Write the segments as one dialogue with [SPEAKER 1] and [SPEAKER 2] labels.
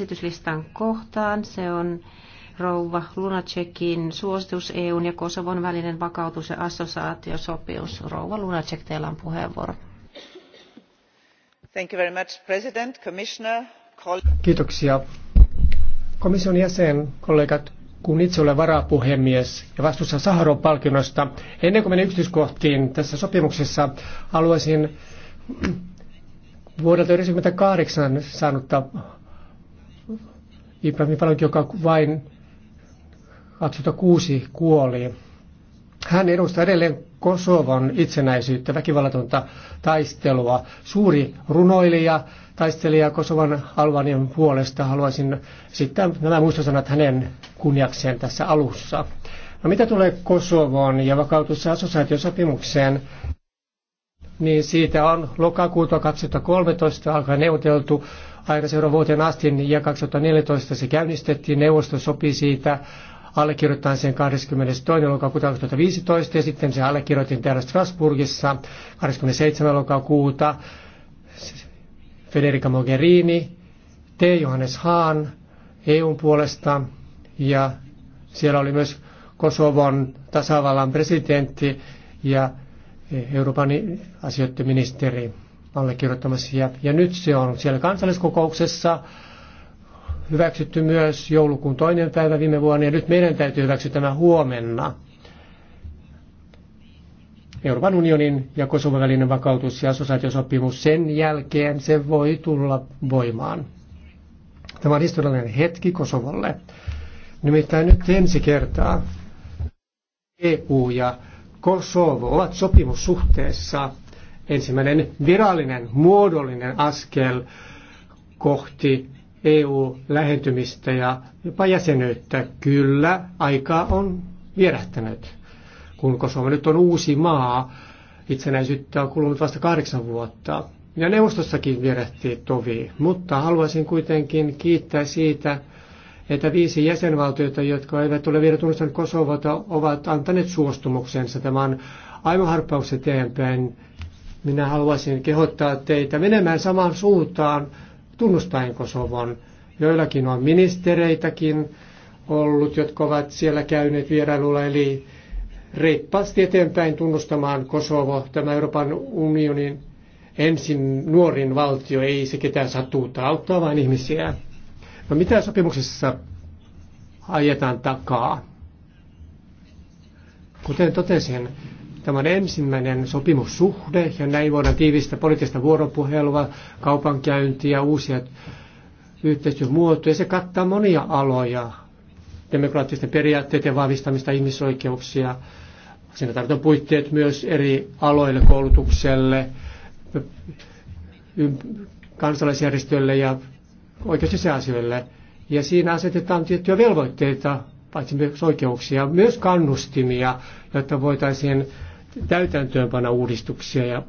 [SPEAKER 1] esityslistan kohtaan. Se on rouva Lunacekin suositus EUn ja Kosovon välinen vakautus- ja assosiaatiosopimus. Rouva Lunacek, teillä on puheenvuoro.
[SPEAKER 2] Thank you very much, President, Commissioner,
[SPEAKER 3] Kiitoksia. Komission jäsen, kollegat, kun itse olen varapuhemies ja vastuussa Saharon palkinnosta. Ennen kuin menen yksityiskohtiin tässä sopimuksessa, haluaisin vuodelta 1998 saanutta Ibrahim Palonki, joka vain 2006 kuoli. Hän edustaa edelleen Kosovon itsenäisyyttä, väkivallatonta taistelua. Suuri runoilija, taistelija Kosovan Albanian puolesta. Haluaisin sitten nämä muistosanat hänen kunniakseen tässä alussa. No mitä tulee Kosovoon ja vakautus- ja assosiaatiosopimukseen, niin siitä on lokakuuta 2013 alkaen neuvoteltu aikaisemmin vuoteen asti niin ja 2014 se käynnistettiin. Neuvosto sopi siitä allekirjoittain sen 22. lokakuuta 2015 ja sitten se allekirjoitin täällä Strasbourgissa 27. lokakuuta. Federica Mogherini, T. Johannes Hahn EUn puolesta ja siellä oli myös Kosovon tasavallan presidentti ja Euroopan asioiden ministeri allekirjoittamassa. Ja nyt se on siellä kansalliskokouksessa hyväksytty myös joulukuun toinen päivä viime vuonna, ja nyt meidän täytyy hyväksyä tämä huomenna. Euroopan unionin ja Kosovan välinen vakautus- ja sosiaatiosopimus sen jälkeen se voi tulla voimaan. Tämä on historiallinen hetki Kosovolle. Nimittäin nyt ensi kertaa EU ja Kosovo ovat sopimussuhteessa ensimmäinen virallinen, muodollinen askel kohti EU-lähentymistä ja jopa jäsenyyttä. Kyllä, aika on vierähtänyt. Kun Kosovo nyt on uusi maa, itsenäisyyttä on kulunut vasta kahdeksan vuotta. Ja neuvostossakin vierähti tovi, mutta haluaisin kuitenkin kiittää siitä, että viisi jäsenvaltiota, jotka eivät ole vielä tunnustaneet Kosovota, ovat antaneet suostumuksensa. tämän aivoharppauksen eteenpäin minä haluaisin kehottaa teitä menemään samaan suuntaan tunnustaen Kosovon. Joillakin on ministereitäkin ollut, jotka ovat siellä käyneet vierailulla, eli reippaasti eteenpäin tunnustamaan Kosovo, tämä Euroopan unionin ensin nuorin valtio, ei se ketään satuuta, auttaa vain ihmisiä. No mitä sopimuksessa ajetaan takaa? Kuten totesin, Tämä on ensimmäinen sopimussuhde ja näin voidaan tiivistää poliittista vuoropuhelua, kaupankäyntiä, uusia yhteistyömuotoja. Se kattaa monia aloja, demokraattisten periaatteiden vahvistamista, ihmisoikeuksia. Siinä tarvitaan puitteet myös eri aloille, koulutukselle, kansalaisjärjestöille ja oikeus- ja Ja siinä asetetaan tiettyjä velvoitteita, paitsi myös oikeuksia, myös kannustimia, jotta voitaisiin täytäntöönpana uudistuksia ja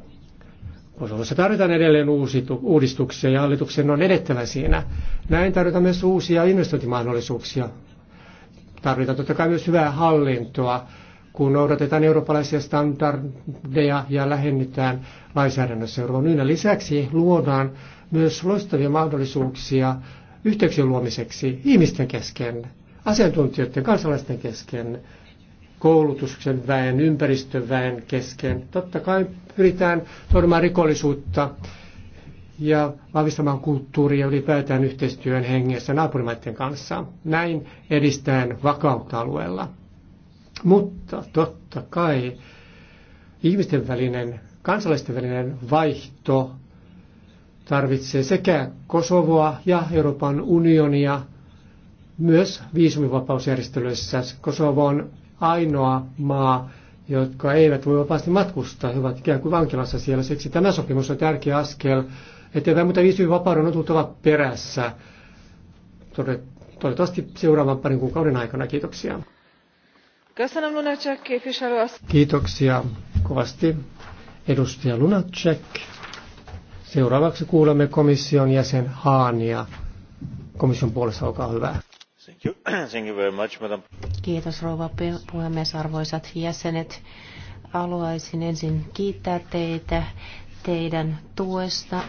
[SPEAKER 3] Kosovossa tarvitaan edelleen uudistuksia ja hallituksen on edettävä siinä. Näin tarvitaan myös uusia investointimahdollisuuksia. Tarvitaan totta kai myös hyvää hallintoa, kun noudatetaan eurooppalaisia standardeja ja lähennetään lainsäädännössä Euroopan ynnä. Lisäksi luodaan myös loistavia mahdollisuuksia yhteyksien luomiseksi ihmisten kesken, asiantuntijoiden, kansalaisten kesken, koulutuksen väen, väen kesken. Totta kai pyritään torjumaan rikollisuutta ja vahvistamaan kulttuuria ylipäätään yhteistyön hengessä naapurimaiden kanssa. Näin edistään vakautta alueella. Mutta totta kai ihmisten välinen, kansalaisten välinen vaihto tarvitsee sekä Kosovoa ja Euroopan unionia myös viisumivapausjärjestelyissä. Kosovo on ainoa maa, jotka eivät voi vapaasti matkustaa, he ovat ikään kuin vankilassa siellä. Siksi tämä sopimus on tärkeä askel eteenpäin, mutta vapauden on tultava perässä. Toivottavasti seuraavan parin kuukauden aikana. Kiitoksia. Kiitoksia kovasti edustaja Lunacek. Seuraavaksi kuulemme komission jäsen Haania. Komission puolesta olkaa hyvä.
[SPEAKER 2] Thank you. Thank you very much, madam.
[SPEAKER 1] Kiitos rouva puhemies, arvoisat jäsenet. Haluaisin ensin kiittää teitä teidän tuesta,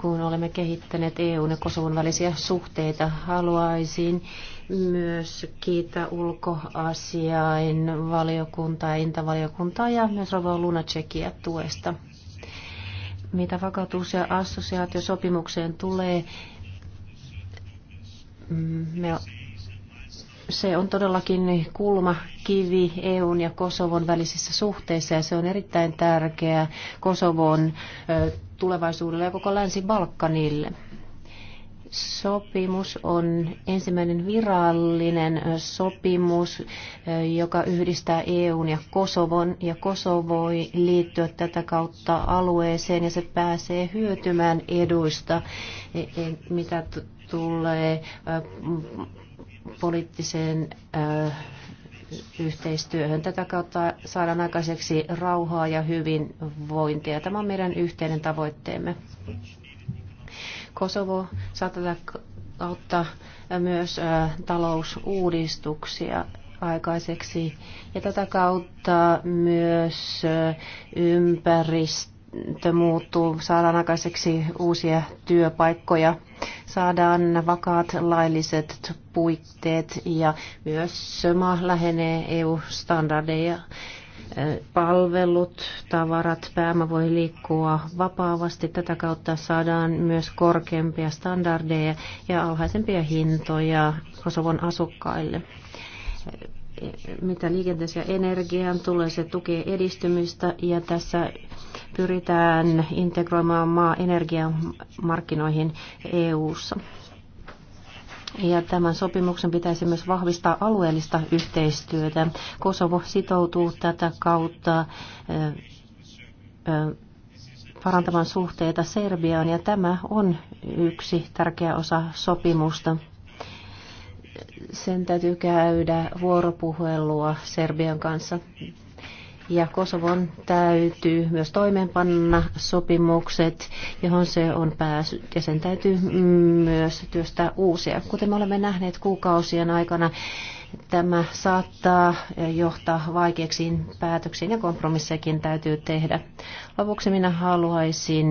[SPEAKER 1] kun olemme kehittäneet EUn ja Kosovon välisiä suhteita. Haluaisin myös kiittää ulkoasiain valiokuntaa, intavaliokuntaa ja myös Rova Lunacekia tuesta. Mitä vakautus- ja assosiaatiosopimukseen tulee, me se on todellakin kulmakivi EUn ja Kosovon välisissä suhteissa ja se on erittäin tärkeä Kosovon tulevaisuudelle ja koko Länsi-Balkanille. Sopimus on ensimmäinen virallinen sopimus, joka yhdistää EUn ja Kosovon, ja Kosovo voi liittyä tätä kautta alueeseen, ja se pääsee hyötymään eduista, e, e, mitä tulee poliittiseen yhteistyöhön. Tätä kautta saadaan aikaiseksi rauhaa ja hyvinvointia. Tämä on meidän yhteinen tavoitteemme. Kosovo saa tätä kautta myös talousuudistuksia aikaiseksi ja tätä kautta myös ympäristö ympäristö muuttuu, saadaan aikaiseksi uusia työpaikkoja, saadaan vakaat lailliset puitteet ja myös SOMA lähenee EU-standardeja. Palvelut, tavarat, päämä voi liikkua vapaavasti. Tätä kautta saadaan myös korkeampia standardeja ja alhaisempia hintoja Kosovon asukkaille mitä liikenteeseen ja energiaan tulee, se tukee edistymistä ja tässä pyritään integroimaan maa energiamarkkinoihin EU-ssa. Ja tämän sopimuksen pitäisi myös vahvistaa alueellista yhteistyötä. Kosovo sitoutuu tätä kautta parantamaan suhteita Serbiaan ja tämä on yksi tärkeä osa sopimusta sen täytyy käydä vuoropuhelua Serbian kanssa. Ja Kosovon täytyy myös toimeenpanna sopimukset, johon se on päässyt, ja sen täytyy myös työstää uusia. Kuten me olemme nähneet kuukausien aikana, tämä saattaa johtaa vaikeiksiin päätöksiin ja kompromissejakin täytyy tehdä. Lopuksi minä haluaisin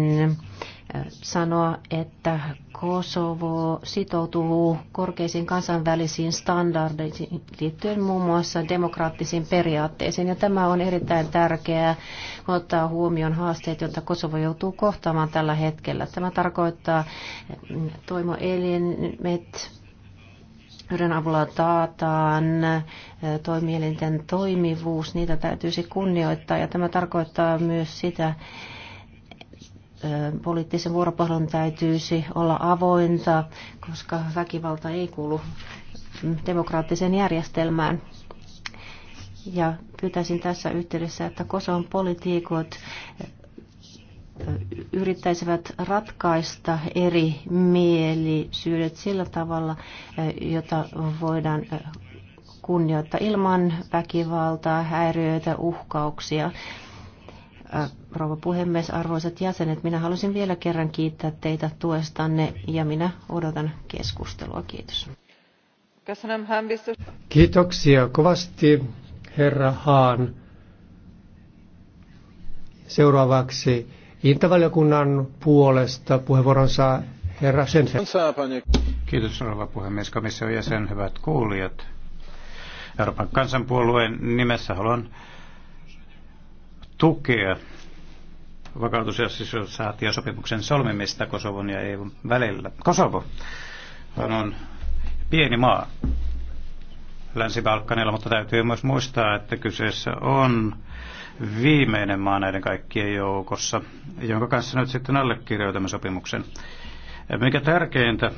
[SPEAKER 1] sanoa, että Kosovo sitoutuu korkeisiin kansainvälisiin standardeihin liittyen muun muassa demokraattisiin periaatteisiin. Ja tämä on erittäin tärkeää kun ottaa huomioon haasteet, joita Kosovo joutuu kohtaamaan tällä hetkellä. Tämä tarkoittaa mm, toimoelimet, joiden avulla taataan toimielinten toimivuus, niitä täytyisi kunnioittaa. Ja tämä tarkoittaa myös sitä, poliittisen vuoropuhelun täytyisi olla avointa, koska väkivalta ei kuulu demokraattiseen järjestelmään. Ja pyytäisin tässä yhteydessä, että Kosovan politiikot yrittäisivät ratkaista eri mielisyydet sillä tavalla, jota voidaan kunnioittaa ilman väkivaltaa, häiriöitä, uhkauksia rouva puhemies, arvoisat jäsenet. Minä haluaisin vielä kerran kiittää teitä tuestanne ja minä odotan keskustelua. Kiitos.
[SPEAKER 3] Kiitoksia kovasti, herra Haan. Seuraavaksi Intavaliokunnan puolesta puheenvuoron saa herra Sensen.
[SPEAKER 4] Kiitos rouva puhemies, komission jäsen, hyvät kuulijat. Euroopan kansanpuolueen nimessä haluan tukea vakautus- ja sopimuksen solmimista Kosovon ja EUn välillä. Kosovo on pieni maa Länsi-Balkanilla, mutta täytyy myös muistaa, että kyseessä on viimeinen maa näiden kaikkien joukossa, jonka kanssa nyt sitten allekirjoitamme sopimuksen. Mikä tärkeintä,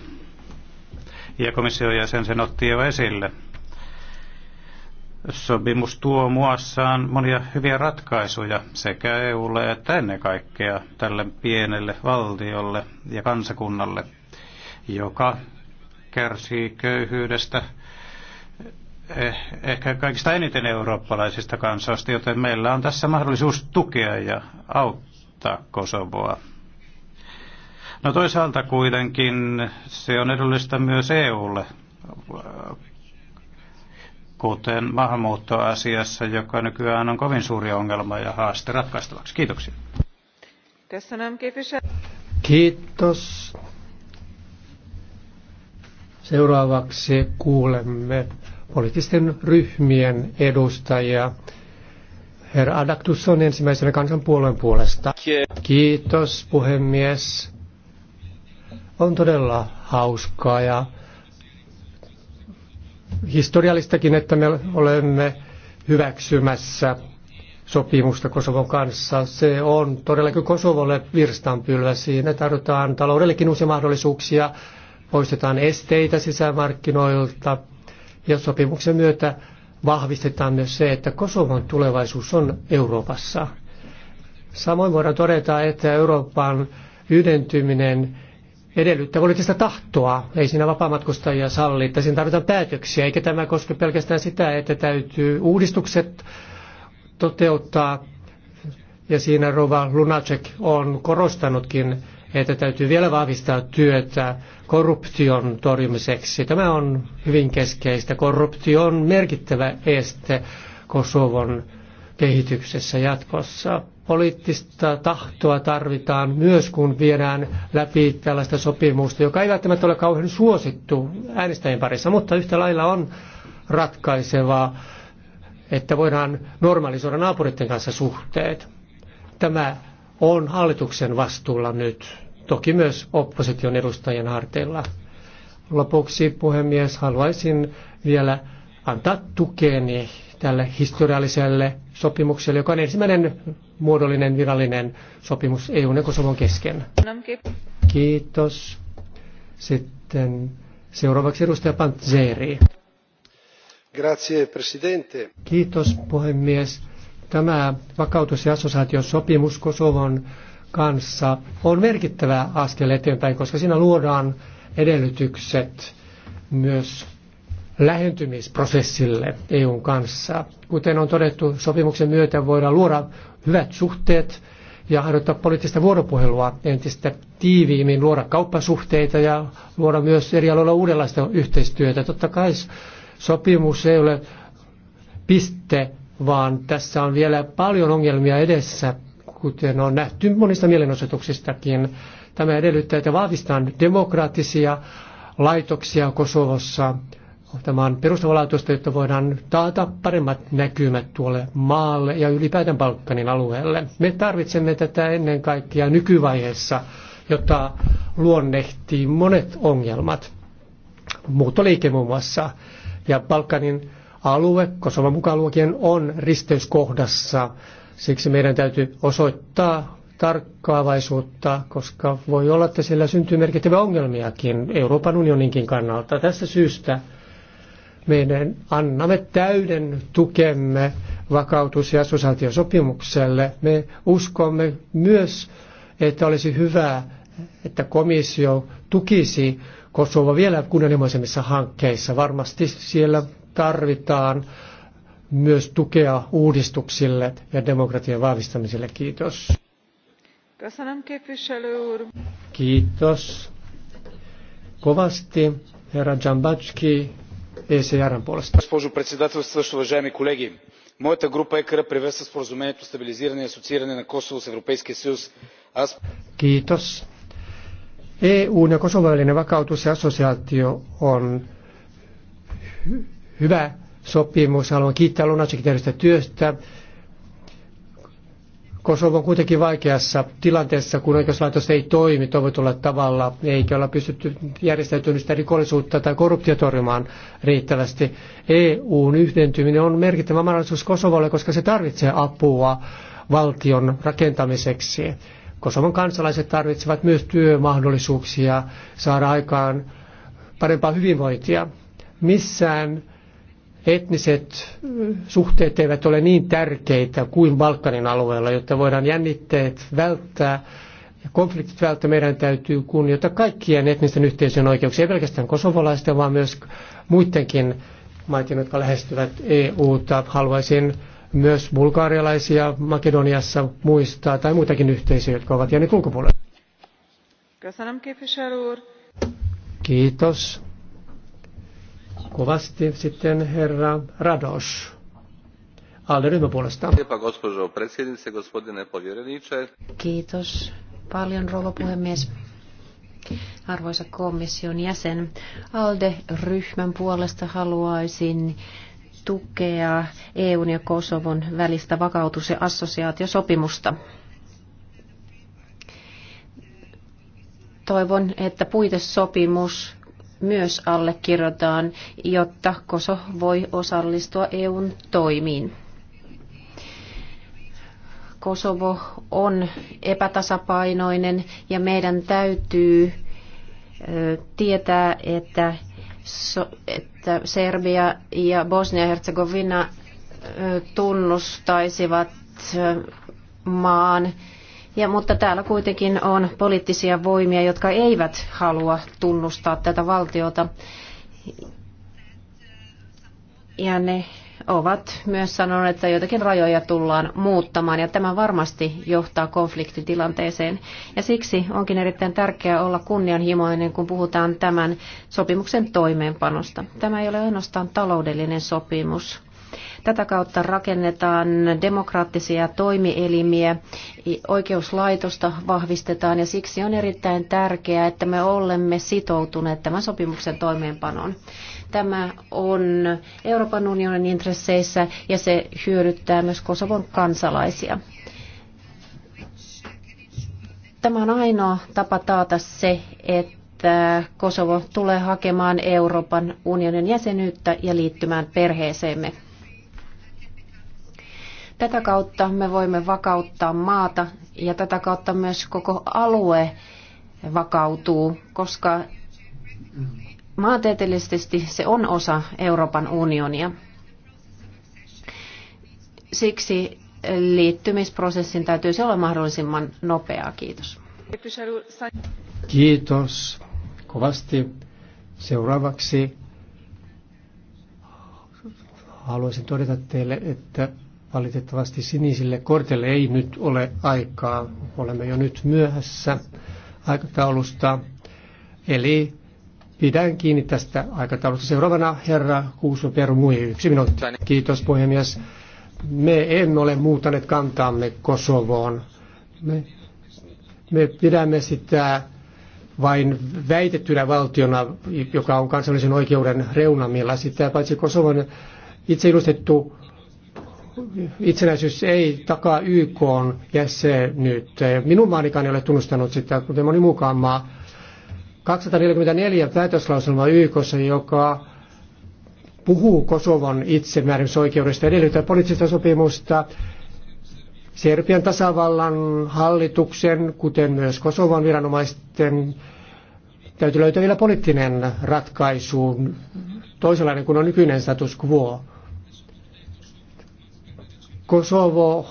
[SPEAKER 4] ja komission jäsen sen otti jo esille, Sopimus tuo muassaan monia hyviä ratkaisuja sekä EUlle että ennen kaikkea tälle pienelle valtiolle ja kansakunnalle, joka kärsii köyhyydestä eh, ehkä kaikista eniten eurooppalaisista kansoista, joten meillä on tässä mahdollisuus tukea ja auttaa Kosovoa. No toisaalta kuitenkin se on edullista myös EUlle kuten maahanmuuttoasiassa, joka nykyään on kovin suuri ongelma ja haaste ratkaistavaksi. Kiitoksia.
[SPEAKER 3] Kiitos. Seuraavaksi kuulemme poliittisten ryhmien edustajia. Herra Adaktus on ensimmäisenä kansanpuolueen puolesta. Kiitos puhemies. On todella hauskaa ja historiallistakin, että me olemme hyväksymässä sopimusta Kosovon kanssa. Se on todellakin Kosovolle virstanpylvä. Siinä tarvitaan taloudellekin uusia mahdollisuuksia, poistetaan esteitä sisämarkkinoilta ja sopimuksen myötä vahvistetaan myös se, että Kosovon tulevaisuus on Euroopassa. Samoin voidaan todeta, että Euroopan yhdentyminen edellyttää poliittista tahtoa. Ei siinä vapaamatkustajia salli, että siinä tarvitaan päätöksiä, eikä tämä koske pelkästään sitä, että täytyy uudistukset toteuttaa. Ja siinä Rova Lunacek on korostanutkin, että täytyy vielä vahvistaa työtä korruption torjumiseksi. Tämä on hyvin keskeistä. Korruptio on merkittävä este Kosovon kehityksessä jatkossa. Poliittista tahtoa tarvitaan myös, kun viedään läpi tällaista sopimusta, joka ei välttämättä ole kauhean suosittu äänestäjien parissa, mutta yhtä lailla on ratkaisevaa, että voidaan normalisoida naapuritten kanssa suhteet. Tämä on hallituksen vastuulla nyt, toki myös opposition edustajien harteilla. Lopuksi, puhemies, haluaisin vielä antaa tukeni tälle historialliselle sopimukselle, joka on ensimmäinen muodollinen virallinen sopimus EUn ja Kosovon kesken. Kiitos. Sitten seuraavaksi edustaja Pantzeri. Grazie, presidente. Kiitos puhemies. Tämä vakautus- ja assosiaatiosopimus Kosovon kanssa on merkittävä askel eteenpäin, koska siinä luodaan edellytykset myös lähentymisprosessille EUn kanssa. Kuten on todettu, sopimuksen myötä voidaan luoda hyvät suhteet ja harjoittaa poliittista vuoropuhelua entistä tiiviimmin, luoda kauppasuhteita ja luoda myös eri aloilla uudenlaista yhteistyötä. Totta kai sopimus ei ole piste, vaan tässä on vielä paljon ongelmia edessä, kuten on nähty monista mielenosoituksistakin. Tämä edellyttää, että vahvistetaan demokraattisia laitoksia Kosovossa, Tämä on perustavanlaatuista, jotta voidaan taata paremmat näkymät tuolle maalle ja ylipäätään Balkanin alueelle. Me tarvitsemme tätä ennen kaikkea nykyvaiheessa, jota luonnehtii monet ongelmat. Muuttoliike muun muassa. Ja Balkanin alue, koska mukaan luokien, on risteyskohdassa. Siksi meidän täytyy osoittaa tarkkaavaisuutta, koska voi olla, että siellä syntyy merkittäviä ongelmiakin Euroopan unioninkin kannalta. Tästä syystä meidän annamme täyden tukemme vakautus- ja assosiaatiosopimukselle. Me uskomme myös, että olisi hyvä, että komissio tukisi Kosova vielä kunnianhimoisemmissa hankkeissa. Varmasti siellä tarvitaan myös tukea uudistuksille ja demokratian vahvistamiselle. Kiitos. Kiitos kovasti, herra Jambatski. ECRn puolesta.
[SPEAKER 4] Госпожо председател уважаеми колеги, моята група ЕКР приветства споразумението за стабилизиране и асоцииране на Косово с Европейския съюз.
[SPEAKER 3] Kiitos. EUn ja Kosovon välinen vakautus ja assosiaatio on hy hyvä sopimus. Haluan kiittää Lunacekin työstä Kosovo on kuitenkin vaikeassa tilanteessa, kun oikeuslaitos ei toimi toivotulla tavalla, eikä olla pystytty järjestäytynyttä rikollisuutta tai torjumaan riittävästi. EUn yhdentyminen on merkittävä mahdollisuus Kosovolle, koska se tarvitsee apua valtion rakentamiseksi. Kosovon kansalaiset tarvitsevat myös työmahdollisuuksia saada aikaan parempaa hyvinvointia. Missään etniset mm, suhteet eivät ole niin tärkeitä kuin Balkanin alueella, jotta voidaan jännitteet välttää ja konfliktit välttää. Meidän täytyy kunnioittaa kaikkien etnisten yhteisön oikeuksia, ei pelkästään kosovolaisten, vaan myös muidenkin maiden, jotka lähestyvät EUta. Haluaisin myös bulgaarialaisia Makedoniassa muistaa tai muitakin yhteisöjä, jotka ovat jääneet ulkopuolelle. Kiitos kovasti. Sitten herra Rados. Alderyhmä puolestaan.
[SPEAKER 1] Kiitos paljon, rouva puhemies. Arvoisa komission jäsen, ALDE-ryhmän puolesta haluaisin tukea EUn ja Kosovon välistä vakautus- ja assosiaatiosopimusta. Toivon, että puitesopimus myös allekirjoitetaan, jotta Kosovo voi osallistua EUn toimiin. Kosovo on epätasapainoinen ja meidän täytyy tietää, että, so, että Serbia ja Bosnia-Herzegovina tunnustaisivat maan ja, mutta täällä kuitenkin on poliittisia voimia, jotka eivät halua tunnustaa tätä valtiota. Ja ne ovat myös sanoneet, että joitakin rajoja tullaan muuttamaan ja tämä varmasti johtaa konfliktitilanteeseen. Ja siksi onkin erittäin tärkeää olla kunnianhimoinen, kun puhutaan tämän sopimuksen toimeenpanosta. Tämä ei ole ainoastaan taloudellinen sopimus, Tätä kautta rakennetaan demokraattisia toimielimiä, oikeuslaitosta vahvistetaan ja siksi on erittäin tärkeää, että me olemme sitoutuneet tämän sopimuksen toimeenpanoon. Tämä on Euroopan unionin intresseissä ja se hyödyttää myös Kosovon kansalaisia. Tämä on ainoa tapa taata se, että Kosovo tulee hakemaan Euroopan unionin jäsenyyttä ja liittymään perheeseemme. Tätä kautta me voimme vakauttaa maata ja tätä kautta myös koko alue vakautuu, koska maantieteellisesti se on osa Euroopan unionia. Siksi liittymisprosessin täytyy olla mahdollisimman nopeaa. Kiitos.
[SPEAKER 3] Kiitos kovasti. Seuraavaksi haluaisin todeta teille, että Valitettavasti sinisille korteille ei nyt ole aikaa. Olemme jo nyt myöhässä aikataulusta. Eli pidän kiinni tästä aikataulusta. Seuraavana herra Kuuso Mui, yksi minuutti. Kiitos puhemies. Me emme ole muutaneet kantaamme Kosovoon. Me, me pidämme sitä vain väitettynä valtiona, joka on kansallisen oikeuden reunamilla. Sitä paitsi Kosovon itse ilustettu itsenäisyys ei takaa YK on jäsenyyttä. Minun maanikaan ei ole tunnustanut sitä, kuten moni mukaan maa. 244 päätöslauselma YK, joka puhuu Kosovon itsemääräämisoikeudesta, edellyttää poliittista sopimusta Serbian tasavallan hallituksen, kuten myös Kosovan viranomaisten, täytyy löytää vielä poliittinen ratkaisu, toisenlainen kuin on nykyinen status quo. Kosovo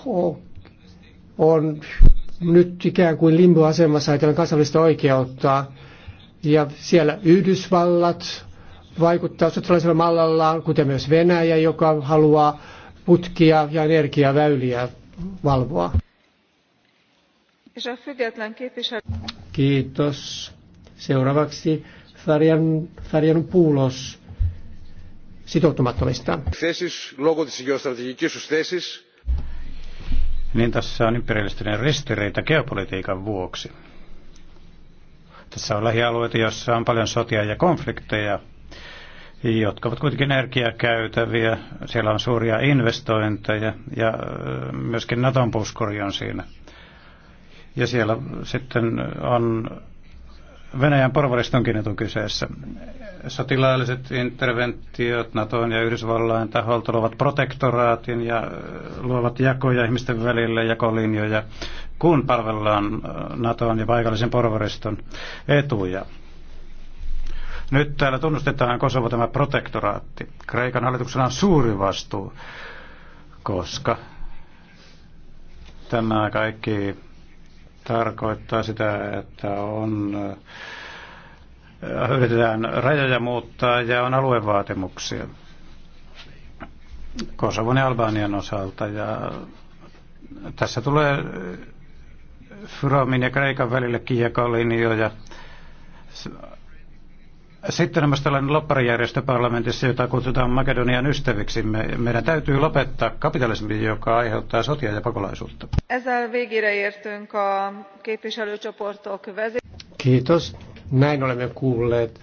[SPEAKER 3] on nyt ikään kuin limboasemassa ajatellen kansainvälistä oikeutta. Ja siellä Yhdysvallat vaikuttaa sotilaisella mallallaan, kuten myös Venäjä, joka haluaa putkia ja energiaväyliä valvoa. Kiitos. Seuraavaksi Farian, Farian Puulos sitoutumattomista.
[SPEAKER 4] Thesis logo της γεωστρατηγικής σου θέσης niin tässä on imperialistinen ristiriita geopolitiikan vuoksi. Tässä on lähialueita, joissa on paljon sotia ja konflikteja, jotka ovat kuitenkin energiakäytäviä. Siellä on suuria investointeja ja myöskin Naton puskuri on siinä. Ja siellä sitten on Venäjän porvaristonkin etu kyseessä. Sotilaalliset interventiot NATOn ja Yhdysvallain taholta luovat protektoraatin ja luovat jakoja ihmisten välille, jakolinjoja, kun palvellaan NATOn ja paikallisen porvariston etuja. Nyt täällä tunnustetaan Kosovo tämä protektoraatti. Kreikan hallituksena on suuri vastuu, koska tämä kaikki tarkoittaa sitä, että on äh, yritetään rajoja muuttaa ja on aluevaatimuksia Kosovon ja Albanian osalta. Ja tässä tulee Fyromin ja Kreikan välille kiekkolinjoja sitten on myös tällainen lopparijärjestö parlamentissa, jota kutsutaan Makedonian ystäviksi. Me, meidän täytyy lopettaa kapitalismi, joka
[SPEAKER 3] aiheuttaa sotia ja pakolaisuutta. Kiitos. Näin olemme kuulleet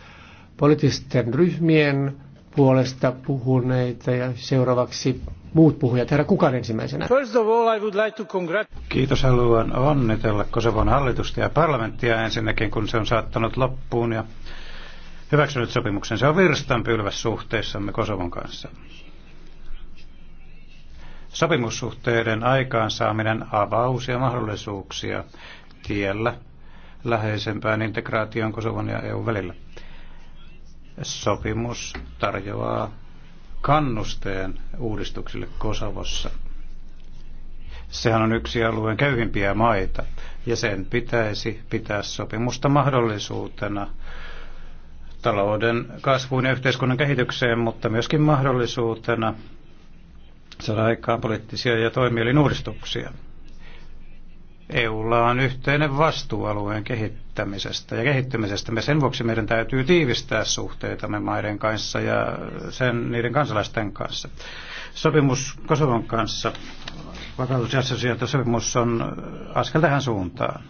[SPEAKER 3] poliittisten ryhmien puolesta puhuneita ja seuraavaksi muut puhujat. Herra kukaan ensimmäisenä.
[SPEAKER 4] Kiitos, haluan onnitella Kosovon hallitusta ja parlamenttia ensinnäkin, kun se on saattanut loppuun ja hyväksynyt sopimuksen. Se on virstanpylväs suhteessamme Kosovon kanssa. Sopimussuhteiden aikaansaaminen avaa uusia mahdollisuuksia tiellä läheisempään integraation Kosovon ja EU välillä. Sopimus tarjoaa kannusteen uudistuksille Kosovossa. Sehän on yksi alueen köyhimpiä maita, ja sen pitäisi pitää sopimusta mahdollisuutena talouden kasvuun ja yhteiskunnan kehitykseen, mutta myöskin mahdollisuutena saada aikaan poliittisia ja toimielin uudistuksia. EUlla on yhteinen vastuualueen kehittämisestä ja kehittymisestä. Me sen vuoksi meidän täytyy tiivistää suhteitamme maiden kanssa ja sen, niiden kansalaisten kanssa. Sopimus Kosovon kanssa, vakautus- ja sopimus on askel tähän suuntaan.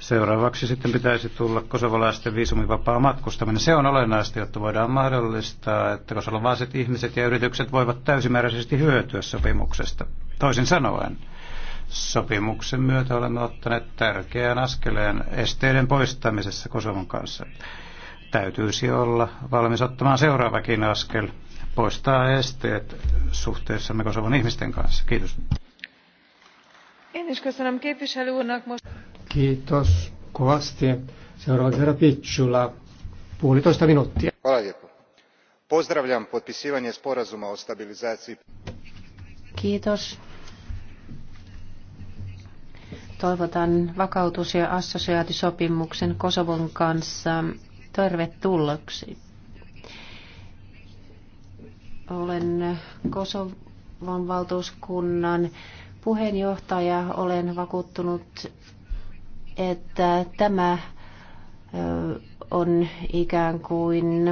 [SPEAKER 4] Seuraavaksi sitten pitäisi tulla kosovalaisten viisumivapaa matkustaminen. Se on olennaista, jotta voidaan mahdollistaa, että kosovalaiset ihmiset ja yritykset voivat täysimääräisesti hyötyä sopimuksesta. Toisin sanoen, sopimuksen myötä olemme ottaneet tärkeän askeleen esteiden poistamisessa Kosovon kanssa. Täytyisi olla valmis ottamaan seuraavakin askel, poistaa esteet suhteessamme Kosovon ihmisten kanssa. Kiitos.
[SPEAKER 3] Kiitos kovasti. Seuraava kerran Pitsula, puolitoista minuuttia.
[SPEAKER 4] Pozdravljam potpisivanje sporazuma o stabilizaciji.
[SPEAKER 1] Kiitos. Toivotan vakautus- ja assosiaatisopimuksen Kosovon kanssa tervetulloksi. Olen Kosovon valtuuskunnan puheenjohtaja. Olen vakuuttunut että tämä on ikään kuin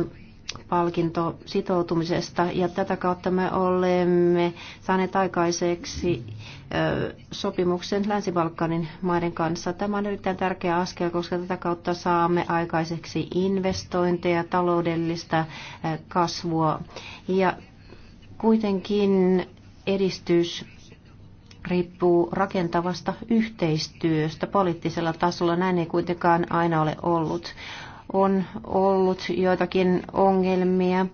[SPEAKER 1] palkinto sitoutumisesta ja tätä kautta me olemme saaneet aikaiseksi sopimuksen Länsi-Balkanin maiden kanssa. Tämä on erittäin tärkeä askel, koska tätä kautta saamme aikaiseksi investointeja, taloudellista kasvua ja kuitenkin edistys riippuu rakentavasta yhteistyöstä poliittisella tasolla. Näin ei kuitenkaan aina ole ollut. On ollut joitakin ongelmia,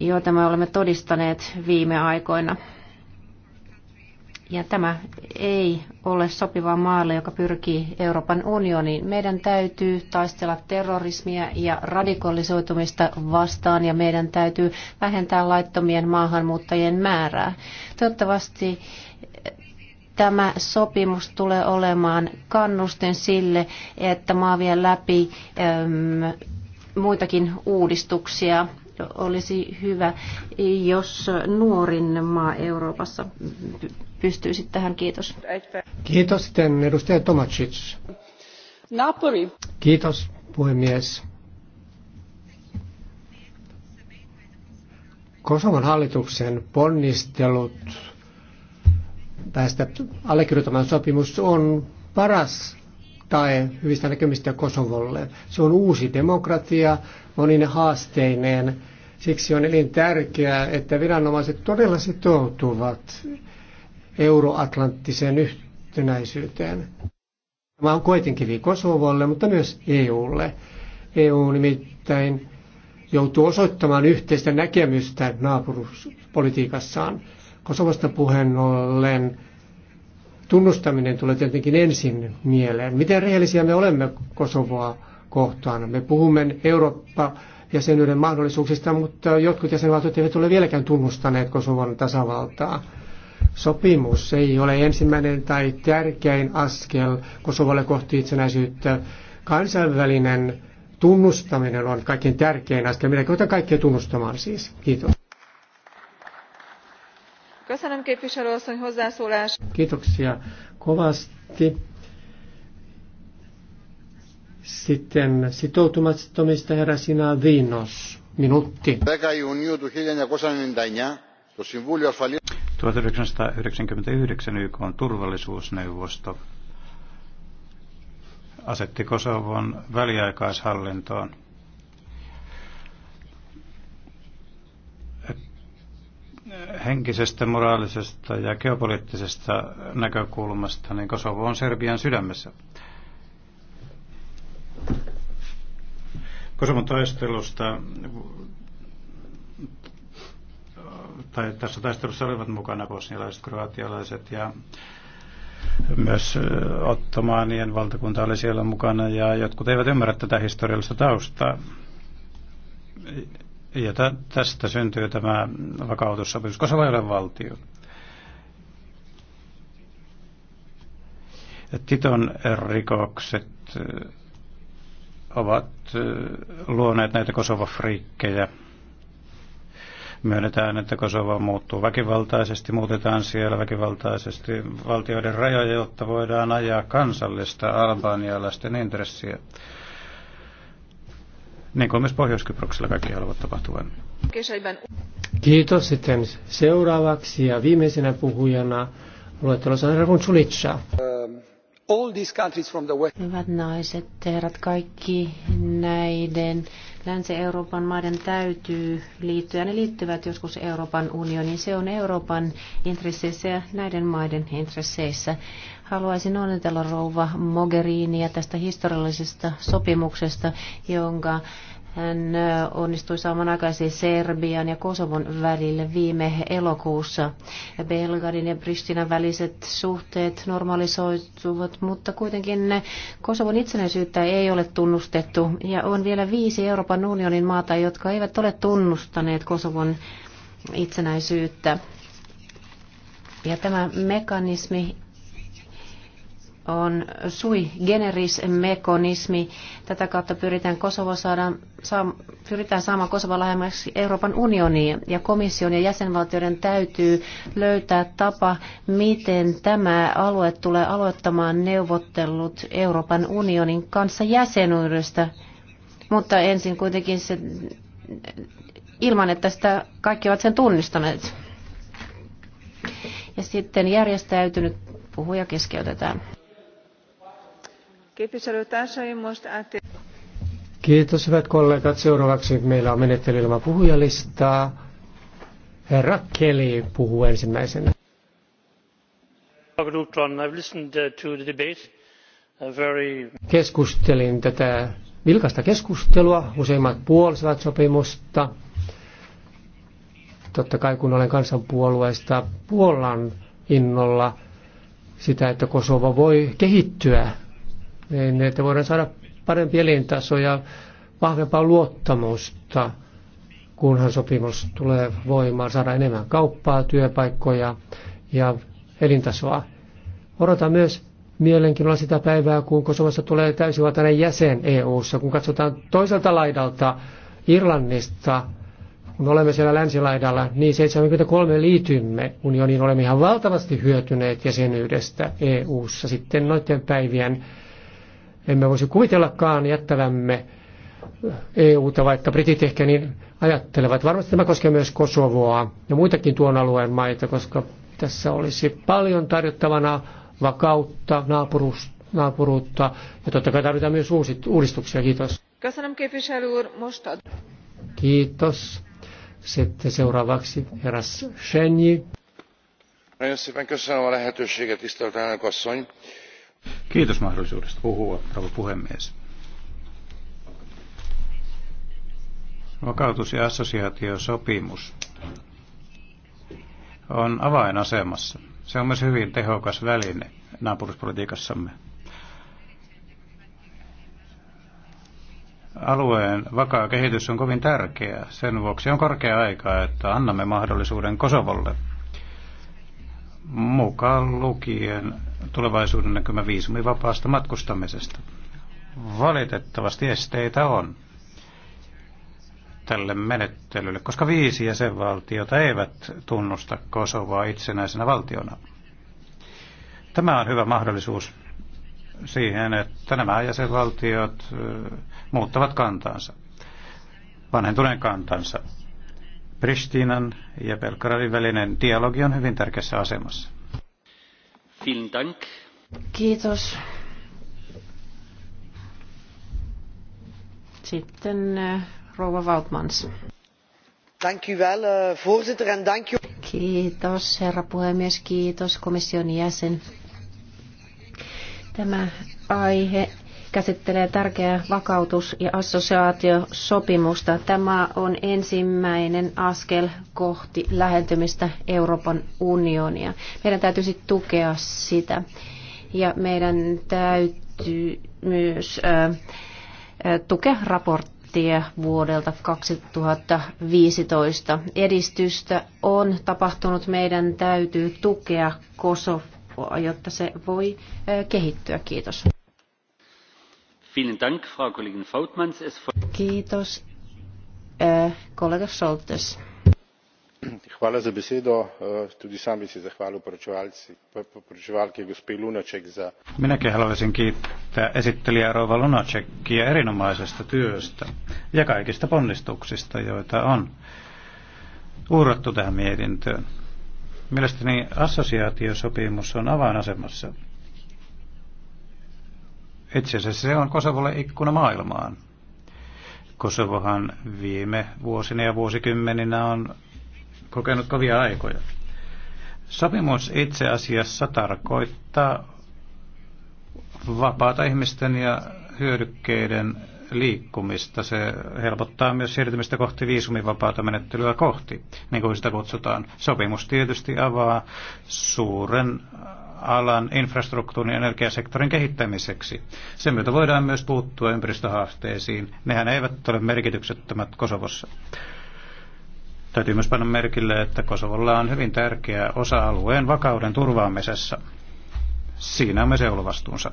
[SPEAKER 1] joita me olemme todistaneet viime aikoina. Ja tämä ei ole sopiva maalle, joka pyrkii Euroopan unioniin. Meidän täytyy taistella terrorismia ja radikalisoitumista vastaan ja meidän täytyy vähentää laittomien maahanmuuttajien määrää. Toivottavasti tämä sopimus tulee olemaan kannusten sille, että maa vie läpi äm, muitakin uudistuksia olisi hyvä, jos nuorin maa Euroopassa pystyisi tähän. Kiitos.
[SPEAKER 3] Kiitos sitten edustaja Tomacic.
[SPEAKER 1] Napoli.
[SPEAKER 3] Kiitos puhemies. Kosovan hallituksen ponnistelut päästä allekirjoittamaan sopimus on paras tae hyvistä näkymistä Kosovolle. Se on uusi demokratia monine haasteineen. Siksi on elintärkeää, että viranomaiset todella sitoutuvat euroatlanttiseen yhtenäisyyteen. Tämä on koetinkivi Kosovolle, mutta myös EUlle. EU nimittäin joutuu osoittamaan yhteistä näkemystä naapuruspolitiikassaan. Kosovasta puheen ollen Tunnustaminen tulee tietenkin ensin mieleen. Miten rehellisiä me olemme Kosovoa kohtaan? Me puhumme Eurooppa-jäsenyyden mahdollisuuksista, mutta jotkut jäsenvaltiot eivät ole vieläkään tunnustaneet Kosovon tasavaltaa. Sopimus ei ole ensimmäinen tai tärkein askel Kosovolle kohti itsenäisyyttä. Kansainvälinen tunnustaminen on kaikkein tärkein askel. Minä kehotan kaikkia tunnustamaan siis. Kiitos. Kiitoksia kovasti. Sitten sitoutumattomista herra Sinä Viinos. Minuutti.
[SPEAKER 4] 10 1999 YK on turvallisuusneuvosto asetti Kosovon väliaikaishallintoon henkisestä, moraalisesta ja geopoliittisesta näkökulmasta, niin Kosovo on Serbian sydämessä. Kosovon taistelusta tai tässä taistelussa olivat mukana bosnialaiset, kroatialaiset ja myös ottomaanien valtakunta oli siellä mukana ja jotkut eivät ymmärrä tätä historiallista taustaa. Ja tästä syntyy tämä vakautussopimus, koska ei ole valtio. Titon rikokset ovat luoneet näitä Kosovo-friikkejä. Myönnetään, että Kosovo muuttuu väkivaltaisesti, muutetaan siellä väkivaltaisesti valtioiden rajoja, jotta voidaan ajaa kansallista albanialaisten intressiä. Niin kuin myös Pohjois-Kyproksella kaikki haluavat
[SPEAKER 3] tapahtuvan. Kiitos sitten seuraavaksi ja viimeisenä puhujana luettelossa on Ravun Sulitsa.
[SPEAKER 1] Um, Hyvät naiset, herrat, kaikki näiden Länsi-Euroopan maiden täytyy liittyä. Ne liittyvät joskus Euroopan unioniin. Se on Euroopan intresseissä ja näiden maiden intresseissä. Haluaisin onnitella rouva Mogherinia tästä historiallisesta sopimuksesta, jonka hän onnistui saamaan aikaisin Serbian ja Kosovon välille viime elokuussa. Belgradin ja Pristinan väliset suhteet normalisoituvat, mutta kuitenkin Kosovon itsenäisyyttä ei ole tunnustettu. Ja on vielä viisi Euroopan unionin maata, jotka eivät ole tunnustaneet Kosovon itsenäisyyttä. Ja tämä mekanismi on sui generis mekanismi. Tätä kautta pyritään, Kosovo saada, saa, pyritään saamaan Kosovo lähemmäksi Euroopan unioniin ja komission ja jäsenvaltioiden täytyy löytää tapa, miten tämä alue tulee aloittamaan neuvottelut Euroopan unionin kanssa jäsenyydestä. Mutta ensin kuitenkin se, ilman, että sitä kaikki ovat sen tunnistaneet. Ja sitten järjestäytynyt puhuja keskeytetään.
[SPEAKER 3] Kiitos hyvät kollegat. Seuraavaksi meillä on menettely ilman puhujalistaa. Herra Kelly puhuu ensimmäisenä. Keskustelin tätä vilkasta keskustelua. Useimmat puolsivat sopimusta. Totta kai kun olen kansanpuolueesta Puolan innolla sitä, että Kosovo voi kehittyä niin että voidaan saada parempi elintaso ja vahvempaa luottamusta, kunhan sopimus tulee voimaan, saada enemmän kauppaa, työpaikkoja ja elintasoa. Odotan myös mielenkiinnolla sitä päivää, kun Kosovassa tulee täysivaltainen jäsen EU-ssa, kun katsotaan toiselta laidalta Irlannista, kun olemme siellä länsilaidalla, niin 73 liitymme unioniin, olemme ihan valtavasti hyötyneet jäsenyydestä EU-ssa sitten noiden päivien emme voisi kuvitellakaan jättävämme EUta, vaikka britit ehkä niin ajattelevat. Varmasti tämä koskee myös Kosovoa ja muitakin tuon alueen maita, koska tässä olisi paljon tarjottavana vakautta, naapuruutta ja totta kai tarvitaan myös uusit, uudistuksia. Kiitos. Kiitos. Sitten seuraavaksi herras Schenji.
[SPEAKER 1] Nagyon
[SPEAKER 4] szépen köszönöm a lehetőséget, tisztelt elnök asszony.
[SPEAKER 3] Kiitos mahdollisuudesta
[SPEAKER 4] puhua, rouva puhemies. Vakautus- ja assosiaatiosopimus on avainasemassa. Se on myös hyvin tehokas väline naapuruspolitiikassamme. Alueen vakaa kehitys on kovin tärkeää. Sen vuoksi on korkea aika, että annamme mahdollisuuden Kosovolle mukaan lukien tulevaisuuden näkymä viisumivapaasta matkustamisesta. Valitettavasti esteitä on tälle menettelylle, koska viisi jäsenvaltiota eivät tunnusta Kosovoa itsenäisenä valtiona. Tämä on hyvä mahdollisuus siihen, että nämä jäsenvaltiot muuttavat kantansa, vanhentuneen kantansa. Pristinan ja Belgradin välinen dialogi on hyvin tärkeässä asemassa. Dank.
[SPEAKER 1] Kiitos. Sitten äh, rouva Valtmans.
[SPEAKER 2] Äh, voorzitter, en dank
[SPEAKER 1] Kiitos, herra puhemies, kiitos komission jäsen. Tämä aihe käsittelee tärkeää vakautus- ja assosiaatiosopimusta. Tämä on ensimmäinen askel kohti lähentymistä Euroopan unionia. Meidän täytyisi tukea sitä ja meidän täytyy myös tukea raporttia vuodelta 2015. Edistystä on tapahtunut. Meidän täytyy tukea Kosovoa, jotta se voi kehittyä. Kiitos. Eh,
[SPEAKER 4] Hvala za besedo. Eh, tudi sam bi se zahvalil poročevalki gospe lunacek za... Minäkin haluaisin kiittää esittelijä rouva Lunacekia erinomaisesta työstä ja kaikista ponnistuksista, joita on uurattu tähän mietintöön. Mielestäni assosiaatiosopimus on avainasemassa – itse asiassa se on Kosovolle ikkuna maailmaan. Kosovohan viime vuosina ja vuosikymmeninä on kokenut kovia aikoja. Sopimus itse asiassa tarkoittaa vapaata ihmisten ja hyödykkeiden liikkumista. Se helpottaa myös siirtymistä kohti viisumivapaata menettelyä kohti, niin kuin sitä kutsutaan. Sopimus tietysti avaa suuren alan infrastruktuurin ja energiasektorin kehittämiseksi. Sen myötä voidaan myös puuttua ympäristöhaasteisiin. Nehän eivät ole merkityksettömät Kosovossa. Täytyy myös panna merkille, että Kosovolla on hyvin tärkeä osa alueen vakauden turvaamisessa. Siinä on myös vastuunsa.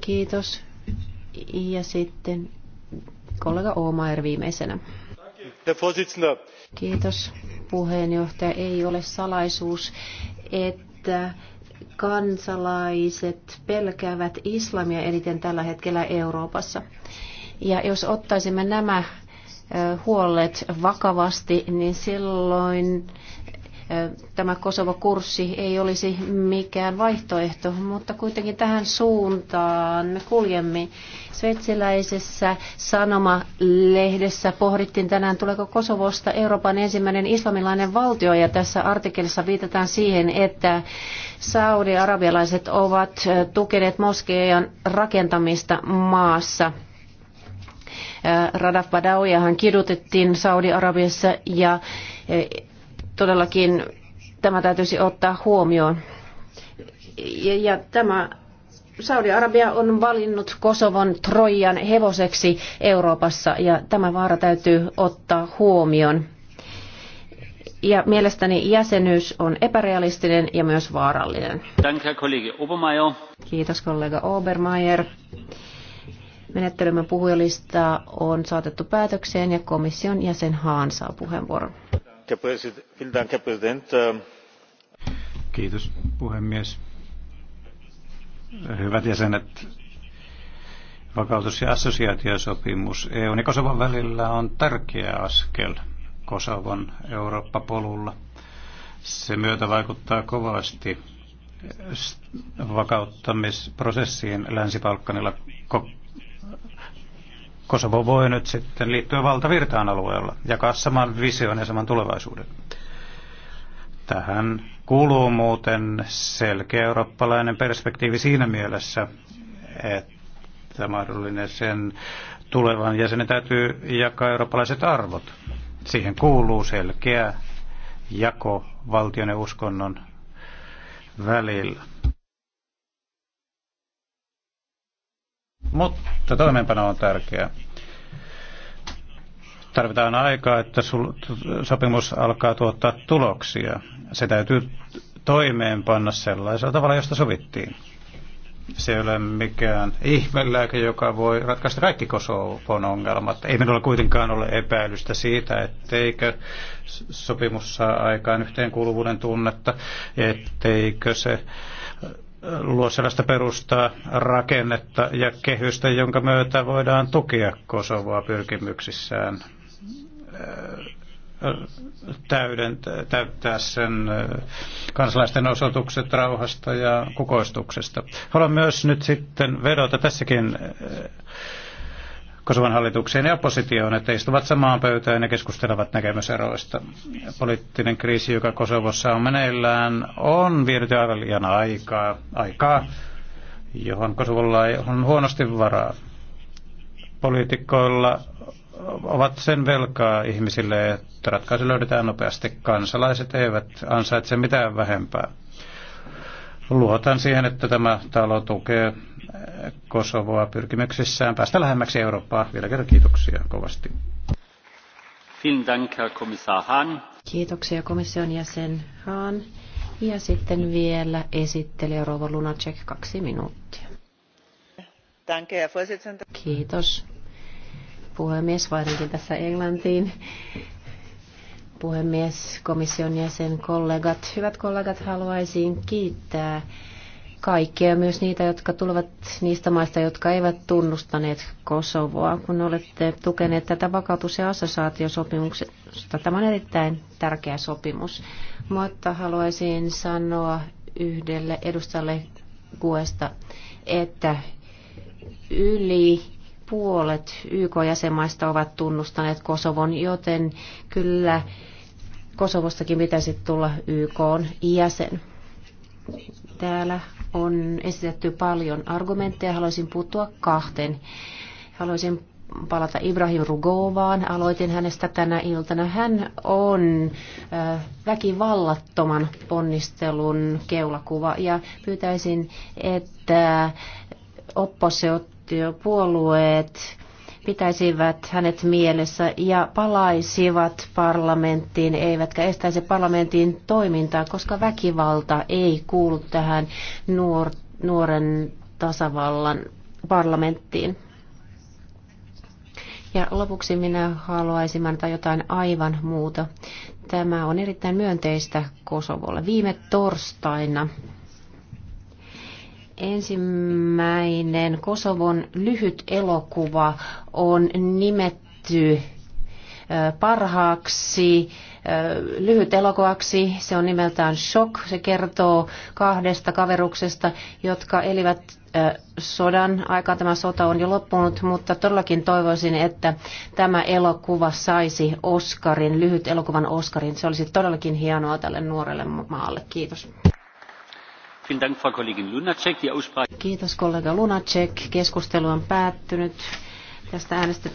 [SPEAKER 1] Kiitos. Ja sitten kollega Oomaer viimeisenä. Kiitos puheenjohtaja. Ei ole salaisuus, että että kansalaiset pelkäävät islamia eniten tällä hetkellä Euroopassa. Ja jos ottaisimme nämä huolet vakavasti, niin silloin tämä Kosovo-kurssi ei olisi mikään vaihtoehto, mutta kuitenkin tähän suuntaan me kuljemme. Sveitsiläisessä Sanoma-lehdessä pohdittiin tänään, tuleeko Kosovosta Euroopan ensimmäinen islamilainen valtio, ja tässä artikkelissa viitataan siihen, että saudi-arabialaiset ovat tukeneet moskeijan rakentamista maassa. Radaf Badawiahan kidutettiin Saudi-Arabiassa ja todellakin tämä täytyisi ottaa huomioon. Ja, ja tämä Saudi-Arabia on valinnut Kosovon Trojan hevoseksi Euroopassa ja tämä vaara täytyy ottaa huomioon. Ja mielestäni jäsenyys on epärealistinen ja myös vaarallinen. Kiitos kollega Obermeier. Menettelymme puhujalistaa on saatettu päätökseen ja komission jäsen Haan saa puheenvuoron
[SPEAKER 4] herr präsident! Ähm, kiitos puhemies hyvät jäsenet vakautus ja assosiaatiosopimus eun ja kosovon välillä on tärkeä askel kosovon eurooppa polulla. se myötä vaikuttaa kovasti vakauttamisprosessiin länsi balkanilla Kosovo voi nyt sitten liittyä valtavirtaan alueella, jakaa saman vision ja saman tulevaisuuden. Tähän kuuluu muuten selkeä eurooppalainen perspektiivi siinä mielessä, että mahdollinen sen tulevan jäsenen täytyy jakaa eurooppalaiset arvot. Siihen kuuluu selkeä jako valtion ja uskonnon välillä. Mutta toimeenpano on tärkeää. Tarvitaan aikaa, että sopimus alkaa tuottaa tuloksia. Se täytyy toimeenpanna sellaisella tavalla, josta sovittiin. Se ei ole mikään ihmelääke, joka voi ratkaista kaikki Kosovon ongelmat. Ei minulla kuitenkaan ole epäilystä siitä, etteikö sopimus saa aikaan yhteenkuuluvuuden tunnetta, etteikö se luo sellaista perustaa, rakennetta ja kehystä, jonka myötä voidaan tukea Kosovoa pyrkimyksissään äh, täyttää sen äh, kansalaisten osoitukset rauhasta ja kukoistuksesta. Haluan myös nyt sitten vedota tässäkin äh, Kosovan hallitukseen ja oppositioon, että istuvat samaan pöytään ja keskustelevat näkemyseroista. Poliittinen kriisi, joka Kosovossa on meneillään, on vienyt aivan liian aikaa, aikaa, johon Kosovolla on huonosti varaa. Poliitikoilla ovat sen velkaa ihmisille, että ratkaisu löydetään nopeasti. Kansalaiset eivät ansaitse mitään vähempää. Luotan siihen, että tämä talo tukee Kosovoa pyrkimyksissään päästä lähemmäksi Eurooppaa. Vielä kerran kiitoksia kovasti.
[SPEAKER 1] Kiitoksia komission jäsen Hahn. Ja sitten vielä esittelijä Rova Lunacek kaksi minuuttia. Kiitos. Puhemies, vaihdankin tässä Englantiin. Puhemies, komission jäsen, kollegat, hyvät kollegat, haluaisin kiittää kaikkia, myös niitä, jotka tulevat niistä maista, jotka eivät tunnustaneet Kosovoa, kun olette tukeneet tätä vakautus- ja assosaatiosopimuksesta. Tämä on erittäin tärkeä sopimus, mutta haluaisin sanoa yhdelle edustajalle kuesta, että yli puolet YK-jäsenmaista ovat tunnustaneet Kosovon, joten kyllä Kosovostakin pitäisi tulla YK jäsen. Täällä on esitetty paljon argumentteja. Haluaisin puuttua kahteen. Haluaisin palata Ibrahim Rugovaan. Aloitin hänestä tänä iltana. Hän on väkivallattoman ponnistelun keulakuva ja pyytäisin, että oppositiopuolueet pitäisivät hänet mielessä ja palaisivat parlamenttiin, eivätkä estäisi parlamentin toimintaa, koska väkivalta ei kuulu tähän nuor, nuoren tasavallan parlamenttiin. Ja lopuksi minä haluaisin mainita jotain aivan muuta. Tämä on erittäin myönteistä Kosovolle. Viime torstaina Ensimmäinen Kosovon lyhyt elokuva on nimetty parhaaksi lyhyt elokuvaksi. Se on nimeltään Shock. Se kertoo kahdesta kaveruksesta, jotka elivät sodan aikaan. Tämä sota on jo loppunut, mutta todellakin toivoisin, että tämä elokuva saisi Oscarin, lyhyt elokuvan Oscarin. Se olisi todellakin hienoa tälle nuorelle maalle. Kiitos. Kiitos kollega Lunacek. Keskustelu on päättynyt. Tästä äänestetään.